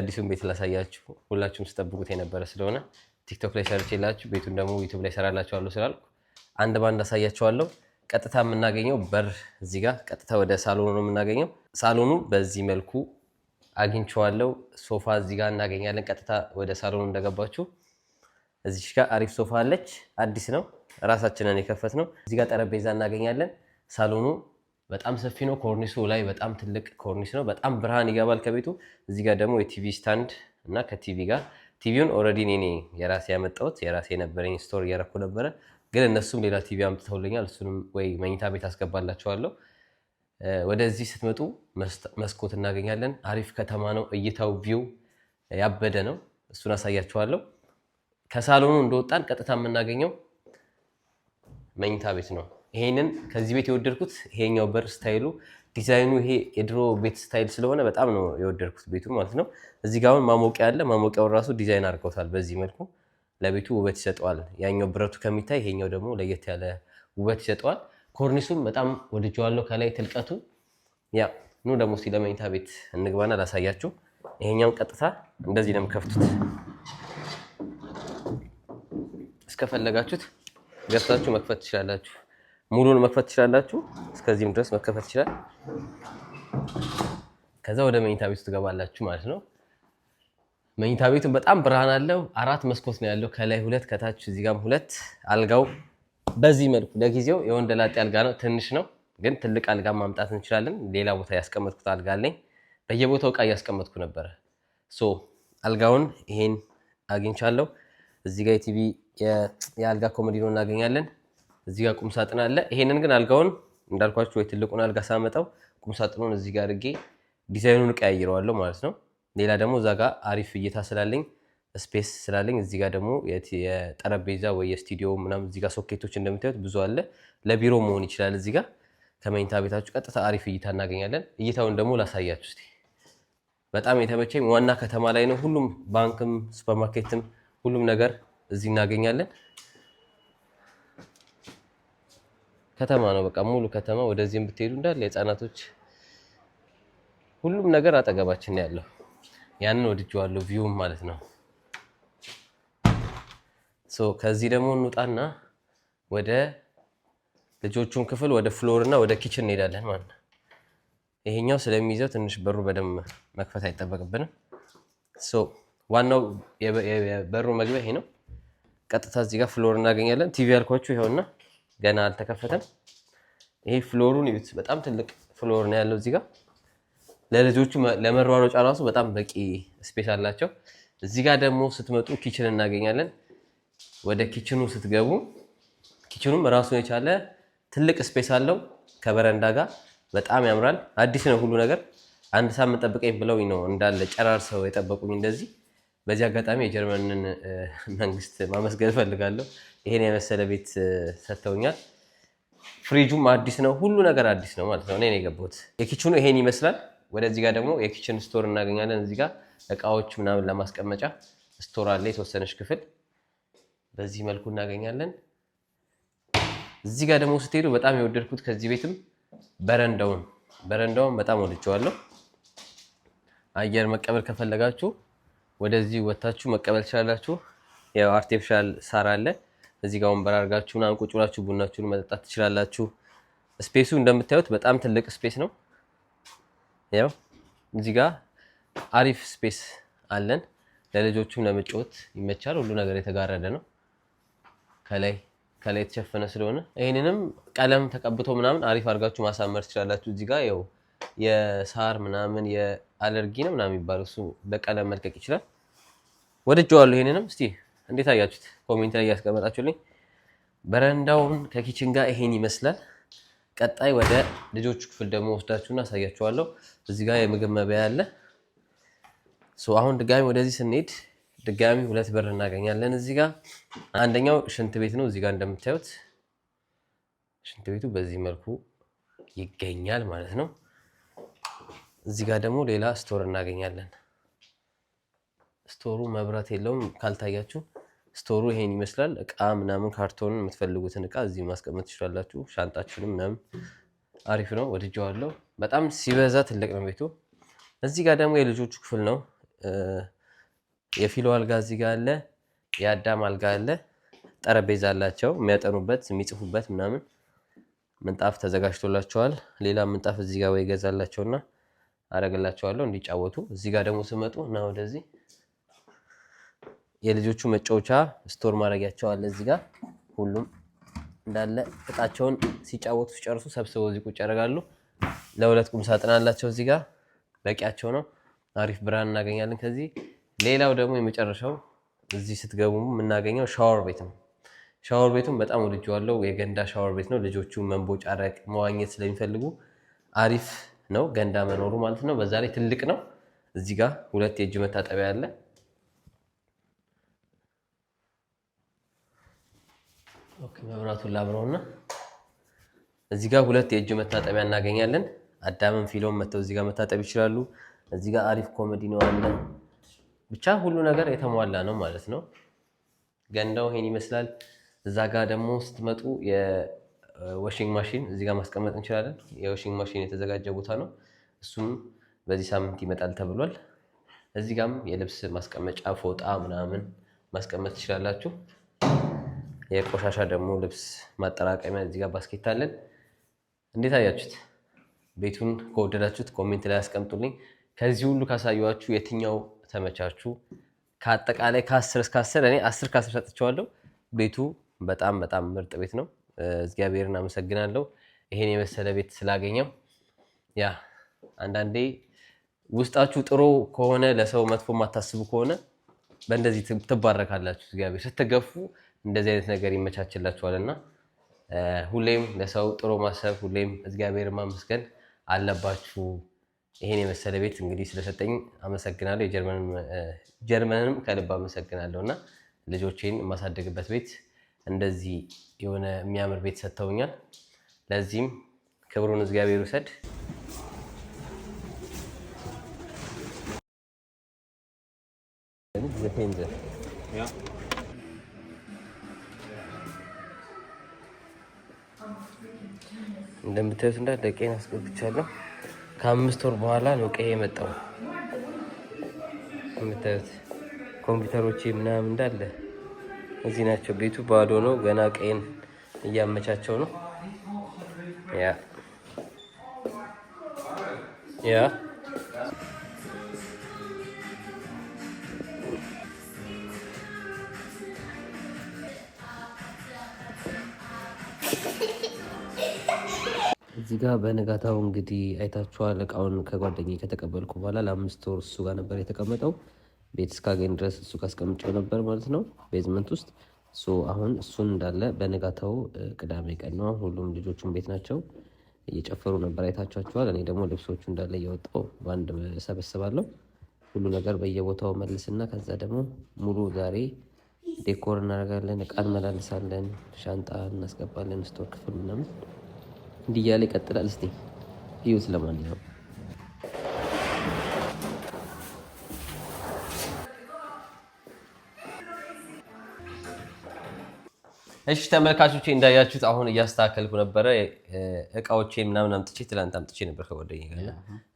አዲሱን ቤት ላሳያችሁ ሁላችሁም ስጠብቁት የነበረ ስለሆነ ቲክቶክ ላይ ሰርች የላችሁ ቤቱን ደግሞ ዩቱብ ላይ ሰራላችኋለሁ ስላልኩ አንድ ባንድ አሳያችኋለሁ። ቀጥታ የምናገኘው በር እዚህ ጋር ቀጥታ ወደ ሳሎኑ ነው የምናገኘው። ሳሎኑ በዚህ መልኩ አግኝቼዋለሁ። ሶፋ እዚህ ጋር እናገኛለን። ቀጥታ ወደ ሳሎኑ እንደገባችሁ እዚህ ጋር አሪፍ ሶፋ አለች። አዲስ ነው፣ ራሳችንን የከፈት ነው። እዚህ ጋር ጠረጴዛ እናገኛለን። ሳሎኑ በጣም ሰፊ ነው። ኮርኒሱ ላይ በጣም ትልቅ ኮርኒስ ነው። በጣም ብርሃን ይገባል ከቤቱ። እዚህ ጋር ደግሞ የቲቪ ስታንድ እና ከቲቪ ጋር ቲቪውን ኦልሬዲ እኔ የራሴ ያመጣሁት የራሴ የነበረኝ ስቶር እያረኩ ነበረ፣ ግን እነሱም ሌላ ቲቪ አምጥተውልኛል። እሱንም ወይ መኝታ ቤት አስገባላቸዋለሁ። ወደዚህ ስትመጡ መስኮት እናገኛለን። አሪፍ ከተማ ነው። እይታው ቪው ያበደ ነው። እሱን አሳያችኋለሁ። ከሳሎኑ እንደወጣን ቀጥታ የምናገኘው መኝታ ቤት ነው። ይሄንን ከዚህ ቤት የወደድኩት ይሄኛው በር ስታይሉ ዲዛይኑ ይሄ የድሮ ቤት ስታይል ስለሆነ በጣም ነው የወደድኩት ቤቱ ማለት ነው። እዚህ ጋር አሁን ማሞቂያ አለ። ማሞቂያውን ራሱ ዲዛይን አድርገውታል። በዚህ መልኩ ለቤቱ ውበት ይሰጠዋል። ያኛው ብረቱ ከሚታይ ይሄኛው ደግሞ ለየት ያለ ውበት ይሰጠዋል። ኮርኒሱም በጣም ወድጀዋለሁ። ከላይ ትልቀቱ ያ ኑ ደግሞ እስኪ ለመኝታ ቤት እንግባና ላሳያችሁ። ይሄኛውን ቀጥታ እንደዚህ ነው የምከፍቱት። እስከፈለጋችሁት ገብታችሁ መክፈት ትችላላችሁ። ሙሉን መክፈት ትችላላችሁ። እስከዚህም ድረስ መከፈት ይችላል። ከዛ ወደ መኝታ ቤቱ ትገባላችሁ ማለት ነው። መኝታ ቤቱን በጣም ብርሃን አለው። አራት መስኮት ነው ያለው፣ ከላይ ሁለት፣ ከታች እዚህ ጋርም ሁለት። አልጋው በዚህ መልኩ ለጊዜው የወንደላጤ አልጋ ነው። ትንሽ ነው ግን ትልቅ አልጋ ማምጣት እንችላለን። ሌላ ቦታ ያስቀመጥኩት አልጋ አለኝ። በየቦታው እቃ እያስቀመጥኩ ነበረ። ሶ አልጋውን ይሄን አግኝቻለሁ። እዚህ ጋር የቲቪ የአልጋ ኮመዲኖ እናገኛለን። እዚህ ጋር ቁም ሳጥን አለ። ይሄንን ግን አልጋውን እንዳልኳችሁ ወይ ትልቁን አልጋ ሳመጣው ቁም ሳጥኑን እዚህ ጋር አድርጌ ዲዛይኑን ቀያይረዋለሁ ማለት ነው። ሌላ ደግሞ እዛ ጋር አሪፍ እይታ ስላለኝ ስፔስ ስላለኝ እዚህ ጋር ደግሞ የጠረጴዛ ወይ የስቱዲዮ ምናምን እዚህ ጋር ሶኬቶች እንደምታዩት ብዙ አለ። ለቢሮ መሆን ይችላል። እዚህ ጋር ከመኝታ ቤታችሁ ቀጥታ አሪፍ እይታ እናገኛለን። እይታውን ደግሞ ላሳያችሁ እስኪ። በጣም የተመቸኝ ዋና ከተማ ላይ ነው። ሁሉም ባንክም ሱፐርማርኬትም ሁሉም ነገር እዚህ እናገኛለን። ከተማ ነው። በቃ ሙሉ ከተማ ወደዚህም ብትሄዱ እንዳለ የህፃናቶች ሁሉም ነገር አጠገባችን ነው ያለው። ያንን ወድጄዋለሁ፣ ቪውም ማለት ነው። ሶ ከዚህ ደግሞ እንውጣና ወደ ልጆቹን ክፍል ወደ ፍሎር እና ወደ ኪችን እንሄዳለን ማለት ነው። ይሄኛው ስለሚይዘው ትንሽ በሩ በደንብ መክፈት አይጠበቅብንም። ሶ ዋናው የበሩ መግቢያ ይሄ ነው። ቀጥታ እዚህ ጋር ፍሎር እናገኛለን። ቲቪ ያልኳችሁ ይኸውና ገና አልተከፈተም። ይሄ ፍሎሩን ይዩት። በጣም ትልቅ ፍሎር ነው ያለው እዚህ ጋር። ለልጆቹ ለመሯሮጫ ራሱ በጣም በቂ ስፔስ አላቸው። እዚህ ጋር ደግሞ ስትመጡ ኪችን እናገኛለን። ወደ ኪችኑ ስትገቡ ኪችኑም ራሱን የቻለ ትልቅ ስፔስ አለው ከበረንዳ ጋር በጣም ያምራል። አዲስ ነው ሁሉ ነገር። አንድ ሳምንት ጠብቀኝ ብለው ነው እንዳለ ጨራርሰው የጠበቁኝ እንደዚህ። በዚህ አጋጣሚ የጀርመንን መንግስት ማመስገን እፈልጋለሁ። ይሄን የመሰለ ቤት ሰጥተውኛል። ፍሪጁም አዲስ ነው፣ ሁሉ ነገር አዲስ ነው ማለት ነው። እኔ ነው የገባሁት። የኪችኑ ይሄን ይመስላል። ወደዚህ ጋር ደግሞ የኪችን ስቶር እናገኛለን። እዚህ ጋር እቃዎች ምናምን ለማስቀመጫ ስቶር አለ፣ የተወሰነች ክፍል በዚህ መልኩ እናገኛለን። እዚህ ጋር ደግሞ ስትሄዱ በጣም የወደድኩት ከዚህ ቤትም በረንዳውን በረንዳውን በጣም ወድጀዋለሁ። አየር መቀበል ከፈለጋችሁ ወደዚህ ወታችሁ መቀበል ትችላላችሁ። የአርቲፊሻል ሳር አለ። እዚህ ጋር ወንበር አድርጋችሁ ምናምን ቁጭ ብላችሁ ቡናችሁን መጠጣት ትችላላችሁ። ስፔሱ እንደምታዩት በጣም ትልቅ ስፔስ ነው። ያው እዚህ ጋር አሪፍ ስፔስ አለን። ለልጆቹም ለመጫወት ይመቻል። ሁሉ ነገር የተጋረደ ነው። ከላይ ከላይ የተሸፈነ ስለሆነ ይህንንም ቀለም ተቀብቶ ምናምን አሪፍ አድርጋችሁ ማሳመር ትችላላችሁ። እዚህ ጋር ያው የሳር ምናምን የአለርጊ ነው ምናምን የሚባለው እሱ በቀለም መልቀቅ ይችላል። ወድጄዋለሁ። ይህንንም እስኪ እንዴት አያችሁት? ኮሜንት ላይ እያስቀመጣችሁልኝ። በረንዳውን ከኪችን ጋር ይሄን ይመስላል። ቀጣይ ወደ ልጆቹ ክፍል ደግሞ ወስዳችሁና አሳያችኋለሁ። እዚህ ጋር የምግብ መብያ አለ። አሁን ድጋሚ ወደዚህ ስንሄድ ድጋሚ ሁለት በር እናገኛለን። እዚህ ጋር አንደኛው ሽንት ቤት ነው። እዚህ ጋር እንደምታዩት ሽንት ቤቱ በዚህ መልኩ ይገኛል ማለት ነው። እዚህ ጋር ደግሞ ሌላ ስቶር እናገኛለን። ስቶሩ መብራት የለውም ካልታያችሁ ስቶሩ ይሄን ይመስላል። እቃ ምናምን ካርቶን የምትፈልጉትን እቃ እዚህ ማስቀመጥ ትችላላችሁ። ሻንጣችንም ምናምን አሪፍ ነው፣ ወድጀዋለሁ። በጣም ሲበዛ ትልቅ ነው ቤቱ። እዚህ ጋር ደግሞ የልጆቹ ክፍል ነው። የፊሎ አልጋ እዚህ ጋር አለ፣ የአዳም አልጋ አለ። ጠረጴዛ አላቸው የሚያጠኑበት የሚጽፉበት ምናምን። ምንጣፍ ተዘጋጅቶላቸዋል። ሌላ ምንጣፍ እዚህ ጋር ወይ ገዛላቸውና እንዲጫወቱ። እዚህ ጋር ደግሞ ስመጡ እና ወደዚህ የልጆቹ መጫወቻ ስቶር ማድረጊያቸው አለ እዚህ ጋር ሁሉም እንዳለ እጣቸውን ሲጫወቱ ሲጨርሱ ሰብስበው እዚህ ቁጭ ያደርጋሉ። ለሁለት ቁም ሳጥን አላቸው እዚህ ጋር በቂያቸው ነው። አሪፍ ብርሃን እናገኛለን ከዚህ። ሌላው ደግሞ የመጨረሻው እዚህ ስትገቡ የምናገኘው ሻወር ቤት ነው። ሻወር ቤቱም በጣም ዋለው የገንዳ ሻወር ቤት ነው። ልጆቹ መንቦጫረቅ መዋኘት ስለሚፈልጉ አሪፍ ነው ገንዳ መኖሩ ማለት ነው። በዛ ላይ ትልቅ ነው። እዚህ ጋር ሁለት የእጅ መታጠቢያ አለ። ኦኬ፣ መብራቱን ላብረውና እዚህ ጋር ሁለት የእጅ መታጠቢያ እናገኛለን። አዳምም ፊሎም መተው እዚህ ጋር መታጠብ ይችላሉ። እዚህ ጋር አሪፍ ኮሜዲ ነው አለ። ብቻ ሁሉ ነገር የተሟላ ነው ማለት ነው። ገንዳው ይሄን ይመስላል። እዛ ጋር ደግሞ ስትመጡ የዋሽንግ ማሽን እዚህ ጋር ማስቀመጥ እንችላለን። የዋሽንግ ማሽን የተዘጋጀ ቦታ ነው። እሱም በዚህ ሳምንት ይመጣል ተብሏል። እዚህ ጋም የልብስ ማስቀመጫ ፎጣ ምናምን ማስቀመጥ ትችላላችሁ። የቆሻሻ ደግሞ ልብስ ማጠራቀሚያ እዚህ ጋር ባስኬት አለን። እንዴት አያችሁት? ቤቱን ከወደዳችሁት ኮሜንት ላይ ያስቀምጡልኝ። ከዚህ ሁሉ ካሳየኋችሁ የትኛው ተመቻችሁ? ከአጠቃላይ ከአስር እስከ አስር እኔ አስር ከአስር ሰጥቼዋለሁ። ቤቱ በጣም በጣም ምርጥ ቤት ነው። እግዚአብሔርን አመሰግናለሁ ይሄን የመሰለ ቤት ስላገኘው። ያ አንዳንዴ ውስጣችሁ ጥሩ ከሆነ ለሰው መጥፎ የማታስቡ ከሆነ በእንደዚህ ትባረካላችሁ። እግዚአብሔር ስትገፉ እንደዚህ አይነት ነገር ይመቻችላቸዋል እና ሁሌም ለሰው ጥሩ ማሰብ፣ ሁሌም እግዚአብሔር ማመስገን አለባችሁ። ይሄን የመሰለ ቤት እንግዲህ ስለሰጠኝ አመሰግናለሁ። ጀርመንንም ከልብ አመሰግናለሁ እና ልጆቼን የማሳደግበት ቤት እንደዚህ የሆነ የሚያምር ቤት ሰጥተውኛል። ለዚህም ክብሩን እግዚአብሔር ውሰድ። እንደምታዩት እንዳለ ቀይን አስገብቻለሁ። ከአምስት ወር በኋላ ነው ቀይ የመጣው። ምታዩት ኮምፒውተሮቼ ምናምን እንዳለ እዚህ ናቸው። ቤቱ ባዶ ነው። ገና ቀይን እያመቻቸው ነው ያ ያ እዚህ ጋር በነጋታው እንግዲህ አይታችኋል። እቃውን ከጓደኛዬ ከተቀበልኩ በኋላ ለአምስት ወር እሱ ጋር ነበር የተቀመጠው። ቤት እስካገኝ ድረስ እሱ ጋር አስቀምጬው ነበር ማለት ነው ቤዝመንት ውስጥ። አሁን እሱን እንዳለ በነጋታው ቅዳሜ ቀን ነው ሁሉም ልጆቹን ቤት ናቸው እየጨፈሩ ነበር፣ አይታችኋቸዋል። እኔ ደግሞ ልብሶቹ እንዳለ እየወጣው በአንድ ሰበስባለሁ። ሁሉ ነገር በየቦታው መልስና ከዛ ደግሞ ሙሉ ዛሬ ዴኮር እናደርጋለን፣ እቃ እንመላልሳለን፣ ሻንጣ እናስገባለን፣ ስቶር ክፍል ምናምን እንዲህ እያለ ይቀጥላል። እስቲ ይኸው ስለማንኛውም እሺ ተመልካቾቼ እንዳያችሁት አሁን እያስተካከልኩ ነበረ። እቃዎቼ ምናምን አምጥቼ ትላንት አምጥቼ ነበር ከጓደኛዬ ጋር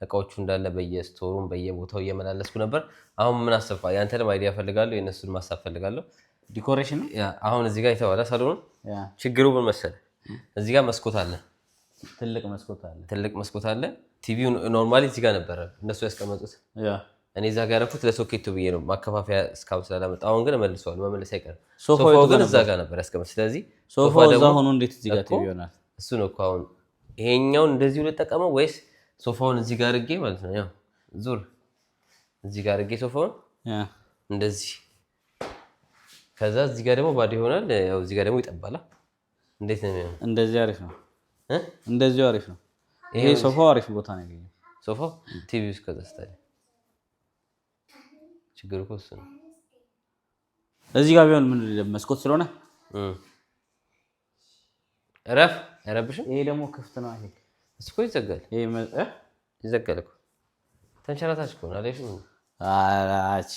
እቃዎቹ እንዳለ በየስቶሩም በየቦታው እየመላለስኩ ነበር። አሁን ምን አሰፋ ደም አይዲያ ፈልጋለሁ፣ የእነሱን ማሳብ ፈልጋለሁ። ዲኮሬሽን አሁን እዚህ ጋር የተባለ ሳሎኑን ችግሩ ምን መሰለህ፣ እዚህ ጋር መስኮት አለ ትልቅ መስኮት አለ። ትልቅ መስኮት አለ። ቲቪው ኖርማሊ እዚህ ጋር ነበረ እነሱ ያስቀመጡት። እኔ እዛ ጋር ያደረኩት ለሶኬቱ ብዬ ነው፣ ማከፋፈያ እስካሁን ስላላመጣ። አሁን ግን መልሰዋል፣ መመለስ አይቀርም። ሶፋው ግን እዛ ጋር ነበር ያስቀመጥ። ስለዚህ ሶፋው እዛ ሆኖ እንዴት እዚህ ጋር ቲቪ ይሆናል? እሱ ነው እኮ አሁን ይሄኛውን እንደዚሁ ልጠቀመው ወይስ ሶፋውን እዚህ ጋር አድርጌ ማለት ነው? ያው ዙር እዚህ ጋር አድርጌ ሶፋውን እንደዚህ፣ ከዛ እዚህ ጋር ደግሞ ባዶ ይሆናል። ያው እዚህ ጋር ደግሞ ይጠባላል። እንዴት ነው የሚሆነው? እንደዚህ አሪፍ ነው። እንደዚሁ አሪፍ ነው። ይሄ ሶፋው አሪፍ ቦታ ነው ያገኘው። ሶፋው ቲቪ ውስጥ ከተስተለ ችግር እኮ እሱ ነው። እዚህ ጋር ቢሆን ምን መስኮት ስለሆነ ረፍ ረብሽ። ይሄ ደግሞ ክፍት ነው። ይሄ እስኮ ይዘጋል። ይሄ ይዘጋል እኮ ተንሸራታች እኮ አለሽ አቺ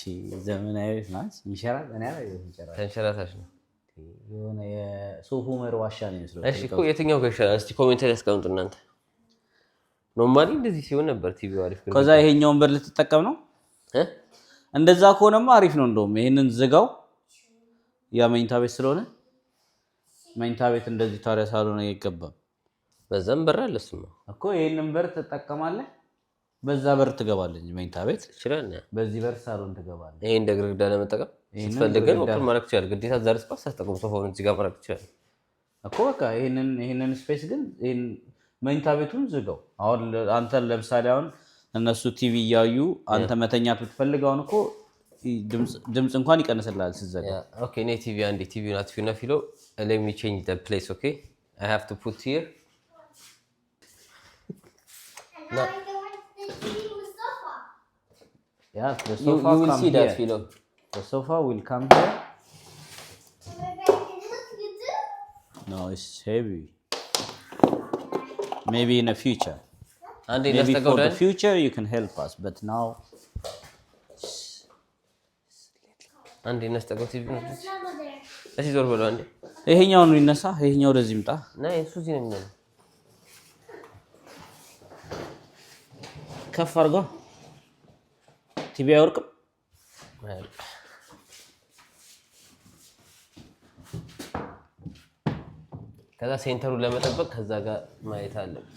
ዘመናዊ ናት። ይሸራል ተንሸራታች ነው የሆነ የሶፍ ዑመር ዋሻ ነው ይመስለው። የትኛው ከሻ እስቲ ኮሜንት ላይ ያስቀምጡ እናንተ። ኖርማሊ እንደዚህ ሲሆን ነበር ቲቪ አሪፍ። ከዛ ይሄኛውን በር ልትጠቀም ነው። እንደዛ ከሆነማ አሪፍ ነው። እንደውም ይሄንን ዝጋው፣ ያ መኝታ ቤት ስለሆነ መኝታ ቤት እንደዚህ ታዲያ ሳልሆነ አይገባም። በዛም በር አለ እሱማ እኮ ይሄንን በር ትጠቀማለህ በዛ በር ትገባለች መኝታ ቤት ይችላል። በዚህ በር ሳሎን ትገባለች። ይሄ እንደ ግርግዳ ለመጠቀም ስትፈልግ ግን ኦፕን ማድረግ ትችላለህ። ግዴታ ዛሬ ስፓስ ታስጠቀሙ ሶፋውን እዚህ ጋር ማድረግ ትችላለህ እኮ በቃ ይህንን ስፔስ ግን መኝታ ቤቱን ዝገው። አሁን አንተ ለምሳሌ አሁን እነሱ ቲቪ እያዩ አንተ መተኛት ብትፈልግ አሁን እኮ ድምፅ እንኳን ይቀንስላል ስትዘጋ። እኔ ቲቪ አንዴ ቲቪ ናት ፊና ፊሎ ሌት ቼንጅ ዘ ፕሌስ ኦኬ አይ ሃቭ ቱ ፑት ሂር Yeah, the sofa you, you will come see here. that pillow. The sofa will come here. No, it's heavy. Maybe in the future. And Maybe for the future you can help us, but now. አንዴ ነስተቀው ቲቪ ነው። እሺ ዞር ብሎ አንዴ ይሄኛውን ይነሳ፣ ይሄኛው ወደዚህ ይምጣ። ናይ እሱ እዚህ ነው የሚሆነው። ከፍ አድርገው ቲቪ አይወርቅም። ከዛ ሴንተሩን ለመጠበቅ ከዛ ጋር ማየት አለብን።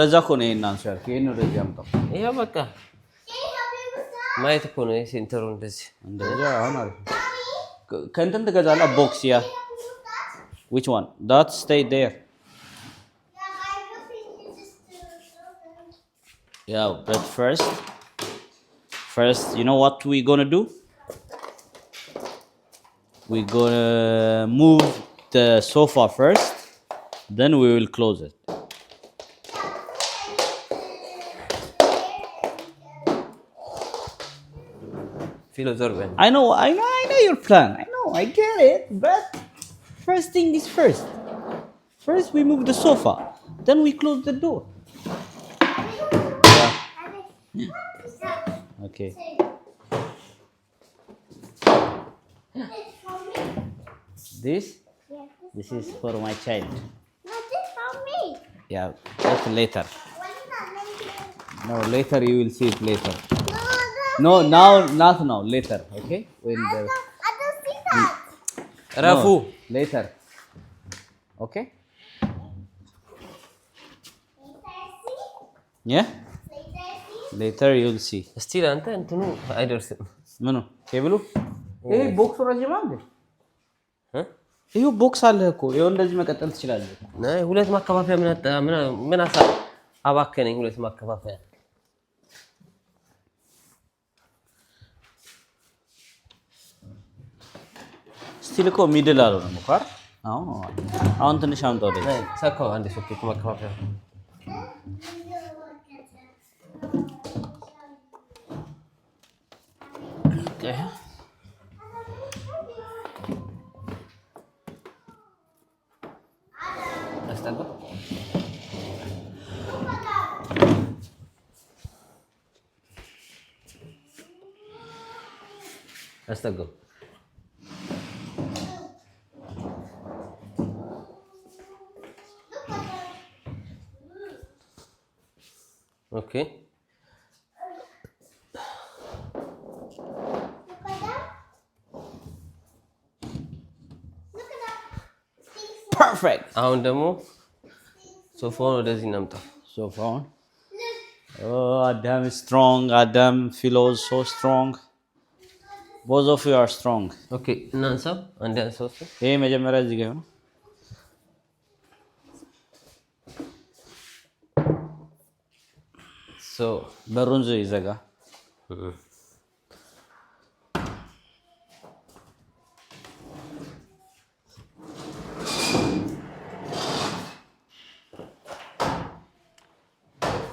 ለዛ እኮ ነው ይሄን አንሱ ያልኩህ። ይሄን ወደዚህ አምጣው። ይሄው በቃ ማየት እኮ ነው። ሴንተሩ እንደዚህ እንደዚህ። አሁን አሪፍ ከእንትን ትገዛለህ። ቦክስ ያ which one that stay there ያው but first First, you know what we're gonna do? We're gonna move the sofa first, then we will close it. I know, I know, I know your plan. I know, I get it, but first thing is first. First, we move the sofa, then we close the door. Yeah. Okay. This? Yeah, this, this is for my child. No, this for me. Yeah, that's later. No, later you will see it later. No, no, now, not now, later. Okay? When I, the, don't, I don't see that. Mm. Rafu. No, later. Okay? Yeah? ሌተር ዩል ሲ ስቲል አንተ እንትኑ አይደርስም። ምኑ ኬብሉ? ይሄ ቦክሱ ረጅም አለ። ይሄ ቦክስ አለ እኮ ይሄው፣ እንደዚህ መቀጠል ትችላለህ። ናይ ሁለት ማከፋፈያ ምን አጣ? ምን አሳ አባከነኝ። ሁለት ማከፋፈያ ስቲል እኮ ሚድል አለው ነው አይደል? አሁን አሁን ትንሽ አምጣው። ሰከው አንድ ሶኬት ማከፋፈያ Okay. Let's go. Okay. አሁን ደግሞ ሶፋውን ወደዚህ እናምጣ። ሶፋውን አዳም ስትሮንግ አዳም ፊሎዝ ሶ ስትሮንግ ቦዝ ኦፍ ዩ አር ስትሮንግ። ኦኬ እናንሳ። አንድ አንሳው። ይሄ መጀመሪያ እዚህ ጋር ነው። ሶ በሩን ይዘጋ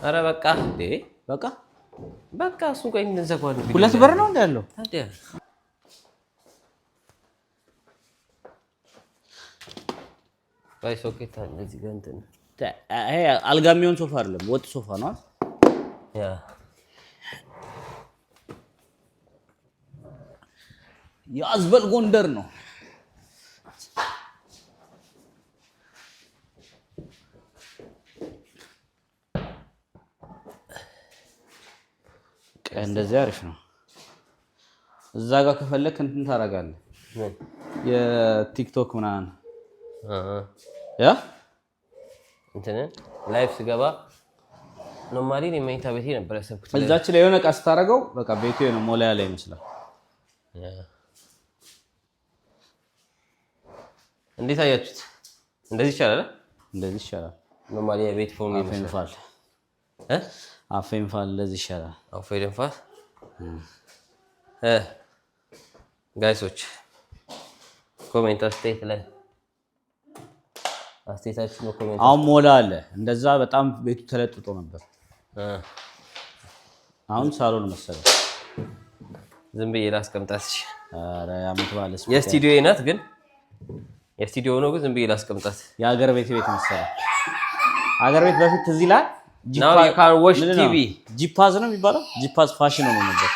ኧረ በቃ እንዴ! በቃ በቃ እሱ ጋር እንዘጋዋለን። ሁለት በር ነው እንዳለው ታዲያ ባይ ሶኬት አለ እዚህ ጋር እንትን ይሄ አልጋ የሚሆን ሶፋ አይደለም፣ ወጥ ሶፋ ነው። ያ ጎንደር ነው። እንደዚህ አሪፍ ነው። እዛ ጋር ከፈለክ እንትን ታደርጋለህ። የቲክቶክ ምናምን ያ እንትን ላይፍ ስገባ ኖርማሊ የመኝታ ቤቴ ነበር ያሰብኩት። እዛች ላይ የሆነ እቃ ስታደርገው በቃ ቤቴ ነው ሞላያ ላይ ይመስላል። እንዴት አያችሁት? እንደዚህ ይቻላል፣ እንደዚህ ይቻላል። ኖርማሊ የቤት ፎርም ይመስላል። አፌ ንፋስ እንደዚህ ይሻላል። አፌ ንፋስ ጋይሶች፣ ኮሜንት አስቴት ላይ አስተያየታችሁ ነው። ኮሜንት አሁን ሞላ አለ። እንደዛ በጣም ቤቱ ተለጥጦ ነበር። አሁን ሳሎን መሰለኝ። ዝም ብዬ ላስቀምጣት። እሺ፣ ኧረ የዓመት በዓል የስቱዲዮ ናት፣ ግን የስቱዲዮ ነው ግን ዝም ብዬ ላስቀምጣት። የሀገር ቤት ቤት መሰለኝ። ሀገር ቤት በፊት እዚህ ላይ ጂፓዝ ነው የሚባለው። ጂፓዝ ፋሽን ነው ነበር።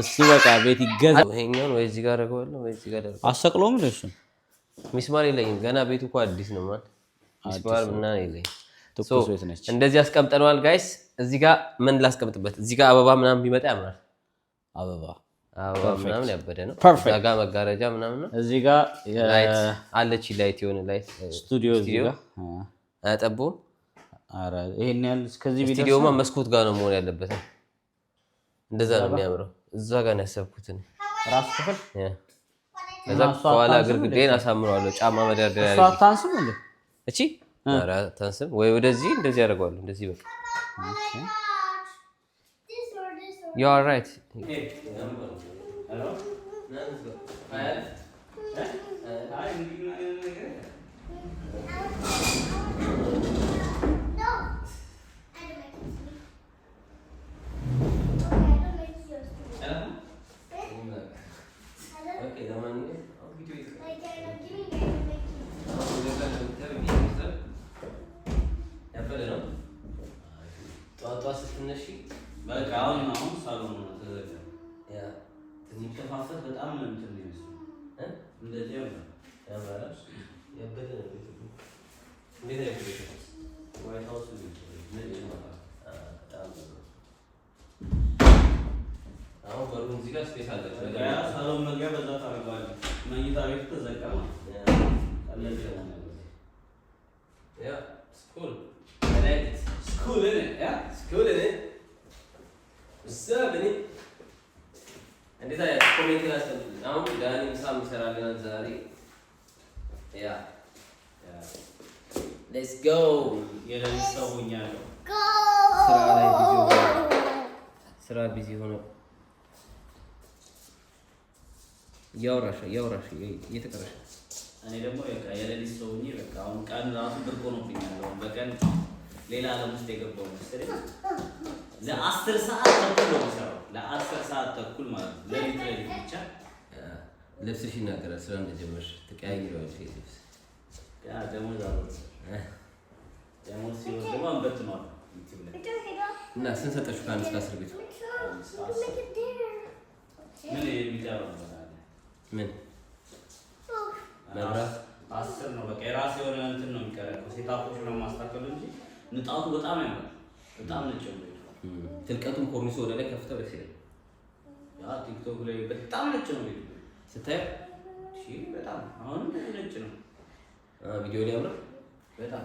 እሱ በቃ ቤት ይገዛ። ሚስማር የለኝም ገና። ቤቱ እኮ አዲስ ነው ማለት ሚስማር ምናምን የለኝም። እንደዚህ አስቀምጠነዋል ጋይስ። እዚህ ጋር ምን ላስቀምጥበት? እዚህ ጋር አበባ ምናምን ቢመጣ ያምራል። አበባ አበባ ምናምን ያበደ ነው። እዛ ጋር መጋረጃ ምናምን ነው። እዚህ ጋር አለች። ላይት የሆነ ላይት ስቱዲዮ እዚህ ይሄን ያህል እስከዚህ ስቱዲዮማ መስኮት ጋር ነው መሆን ያለበት። እንደዛ ነው የሚያምረው። እዛ ጋር ነው ያሰብኩትን ራሱ ክፍል ከዛ ከኋላ ግርግዴን አሳምረዋለሁ። ጫማ መደርደሪያ ታንስም እንዴ እቺ ታንስም ወይ ወደዚህ እንደዚህ ያደርገዋለሁ። እንደዚህ በቃ ዩ አር ራይት በቃ አሁን አሁን ሳሎን ነው ተዘጋ። ያ የሚከፋፈል በጣም ነው እንትን ነው እሱ እ እንደዚህ ነው ያባራሽ ያበደ ነው እንዴት ነው ዋይት ሃውስ ነው እንደዚህ ነው አሁን በሩ እዚህ ጋር ስፔስ አለ። ያ ሳሎን መግቢያ በዛ ታደርገዋለህ። መኝታ ቤት ተዘጋ ማለት ነው። የሌሊት ሰው ስራ ላይ ቢዚ ሆነ ስራ ቢዚ ሆነ። እያወራሽ እያወራሽ እየተቀረሽ እኔ ደግሞ በቃ የሌሊት ሰው ሆኜ በቃ አሁን ቀን ራሱ ብርቅ ሆኖብኛለሁ። በቀን ሌላ ዓለም ውስጥ የገባው መሰለኝ። ለአስር ሰዓት ተኩል ነው የሚሰራው። ለአስር ሰዓት ተኩል ማለት ነው። ለሊት ለሊት ብቻ ልብስሽ ይናገራል። ስራ እንደጀመርሽ ተቀያይረው ልብስ ደሞዝ አለ እና ስንት ሰጠችው? ከአንድ እስከ አስር ቤት ምን መብራት አስር ነው። በቃ የራሴ የሆነ እንትን ነው የሚቀረው። ሴታፖች ነው ማስተካከሉ እንጂ ንጣቱ በጣም ያምራል። በጣም ነጭ ነው። ትልቀቱን ኮርኒሱ ወደ ላይ ከፍተህ ደስ ይላል። ያ ቲክቶክ ላይ በጣም ነጭ ነው ስታይ። በጣም አሁን ነጭ ነው ቪዲዮ ላይ ያምራል በጣም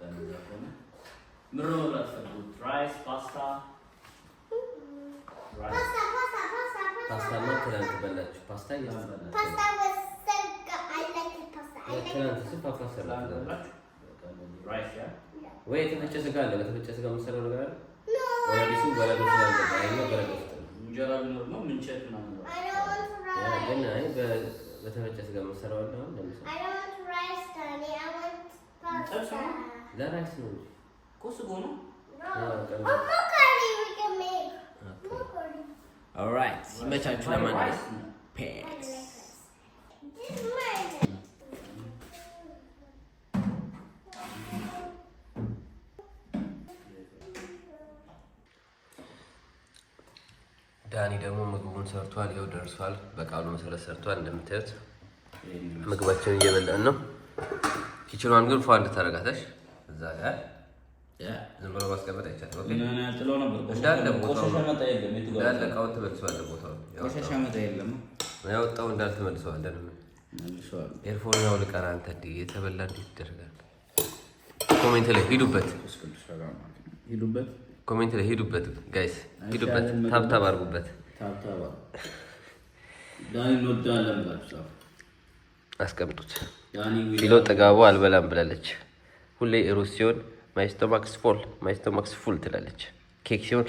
በእነዛ ከሆነ ምሮ መብላት ፈለጉት። ራይስ ፓስታ፣ ፓስታማ ትናንት በላችሁ። ፓስታ ወይ የተፈጨ ስጋ አለ። በተፈጨ ስጋ የምትሰራው ነገር አለ። በተፈጨ ስጋ የምትሰራው አለ። ጥብስ ለራይስ ነው እንጂ እኮ ነው። ኦራይት ይመቻችሁ። ለማንኛውም ዳኒ ደግሞ ምግቡን ሰርቷል። ይኸው ደርሷል። በቃሉ መሰረት ሰርቷል። እንደምታዩት ምግባችንን እየበላን ነው። ኪችኗን ግን ፏ እንድታረጋታሽ እዛ ጋር ዝም ብሎ ማስቀመጥ አይቻልም። እንዳለ እቃውን ትመልሰዋለህ፣ ኤርፎን ያው ልቀራ አንተ የተበላ እንዴት ይደረጋል? ኮሜንት ላይ ሂዱበት፣ ኮሜንት ላይ ሂዱበት፣ ጋይስ ሂዱበት፣ ታብታብ አድርጉበት። አስቀምጡት ኪሎ ጥጋቡ አልበላም ብላለች። ሁሌ ሩዝ ሲሆን ማይስቶማክስ ፎል ማይስቶማክስ ፉል ትላለች። ኬክ ሲሆን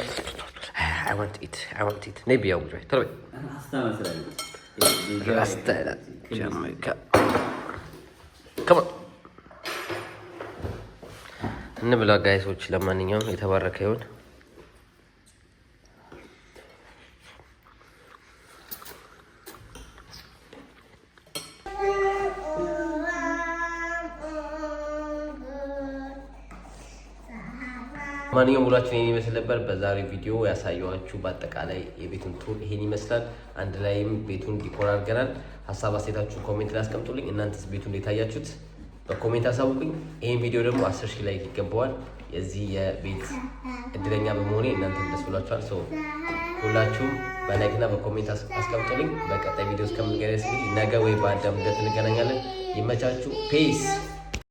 እንብላ ጋይሶች። ለማንኛውም የተባረከ ይሆን። ለማንኛውም ውሏችን ይህን ይመስል ነበር። በዛሬው ቪዲዮ ያሳየኋችሁ በአጠቃላይ የቤቱን ቱር ይሄን ይመስላል። አንድ ላይም ቤቱን ዲኮር አድርገናል። ሀሳብ አስተያየታችሁን ኮሜንት ላይ አስቀምጡልኝ። እናንተስ ቤቱ እንደታያችሁት በኮሜንት አሳውቁኝ። ይህን ቪዲዮ ደግሞ አስር ሺህ ላይክ ይገባዋል። የዚህ የቤት እድለኛ በመሆኔ እናንተ ደስ ብሏችኋል። ሰው ሁላችሁም በላይክና በኮሜንት አስቀምጡልኝ። በቀጣይ ቪዲዮ እስከምንገናኝ ነገ ወይ በአዳም ደት እንገናኛለን። ይመቻችሁ። ፔስ